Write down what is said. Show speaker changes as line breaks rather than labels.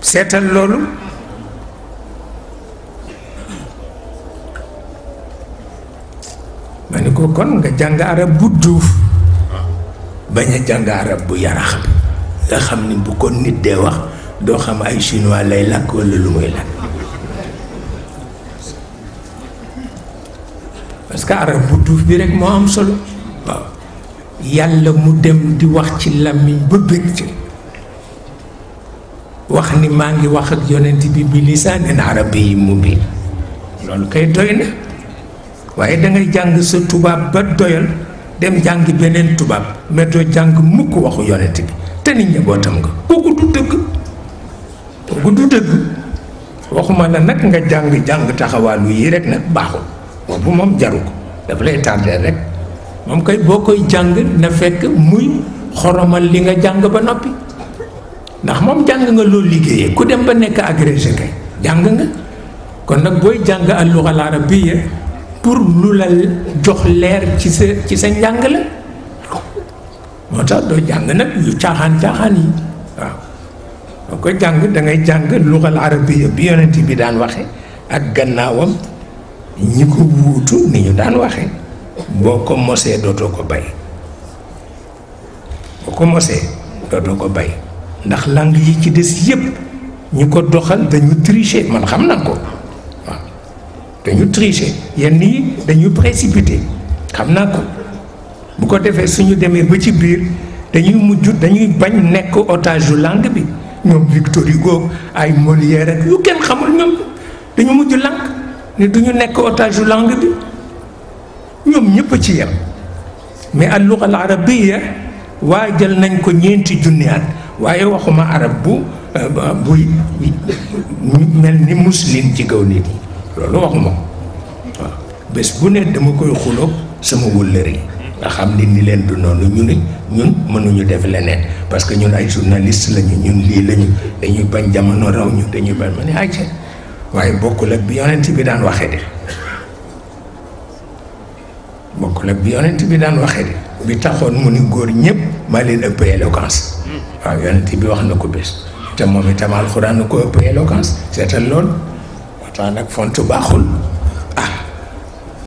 seetal loolu ma ni ko kon nga jàng arab bu duuf bañ a jàng arab bu yarax bi nga xam ni bu ko nit dee wax doo xam ay chinois lay làkk walla lu muy làkk parce arab bu duuf bi rek moo am solo waaw yàlla mu dem di wax ci làmmiñ ba bëgg ci wax ni maa ngi wax ak yonent bi bi lisaanin arabi yi mu bi loolu kay doy na waaye da ngay jàng sa tubaab ba doyal dem jàng beneen tubaab mais doo jàng mukk waxu yonent bi te nit njabootam nga kooku du dëgg kooku du dëgg waxuma la nag nga jàng jàng taxawaalu yi rek nag baaxul boobu moom jaru ko daf lay tardé rek moom kay boo koy jàng na fekk muy xoromal li nga jàng ba noppi ndax moom jàng nga loolu liggéeyee ku dem ba nekk agrégé kay jàng nga kon nag booy jàng al lugha al arabiyya pour lu la jox leer ci sa ci sa njàng la moo tax doo jàng nag yu caaxaan caaxaan yi waaw doo ko jàng da ngay jàng lugha al arabiyya bi yonent bi daan waxe ak gannaawam ñi ko wuutu ni ñu daan waxee boo ko mosee dootoo ko bay boo ko mosee dootoo ko bay ndax langue yi ci dess yépp ñu doxal dañu tricher man xam dañu tricher yenn dañu précipiter xam naa bu ko suñu ba ci biir dañuy dañuy bañ otage langue bi Victor Hugo ay Molière nous kenn xamul ñoom dañu mujj langue duñu otage langue bi ñoom ñëpp ci mais al-lugha al-arabiyya waajal nañ ko waaye waxuma arab bu eh, buy mel ni muslim ci kaw nit yi loolu waxuma ko waaw bés bu ne dama koy xuloog sama wëllëri nga xam ni ni leen du noonu ñu ne ñun mënuñu def leneen parce que ñun ay journaliste lañu ñun lii lañu dañuy bañ jamono raw ñu dañuy bañ ma ne acca waaye bokkul ak bi yonent bi daan waxee de bokkul ak bi yonent bi daan waxee de bi taxoon mu ni góor ñëpp maa leen ëpp éloquence waaw yonent bi wax na ko bés te moom itam alxuraan na ko ëpp éloquence seetal lool waxtaan ak fontu baaxul ah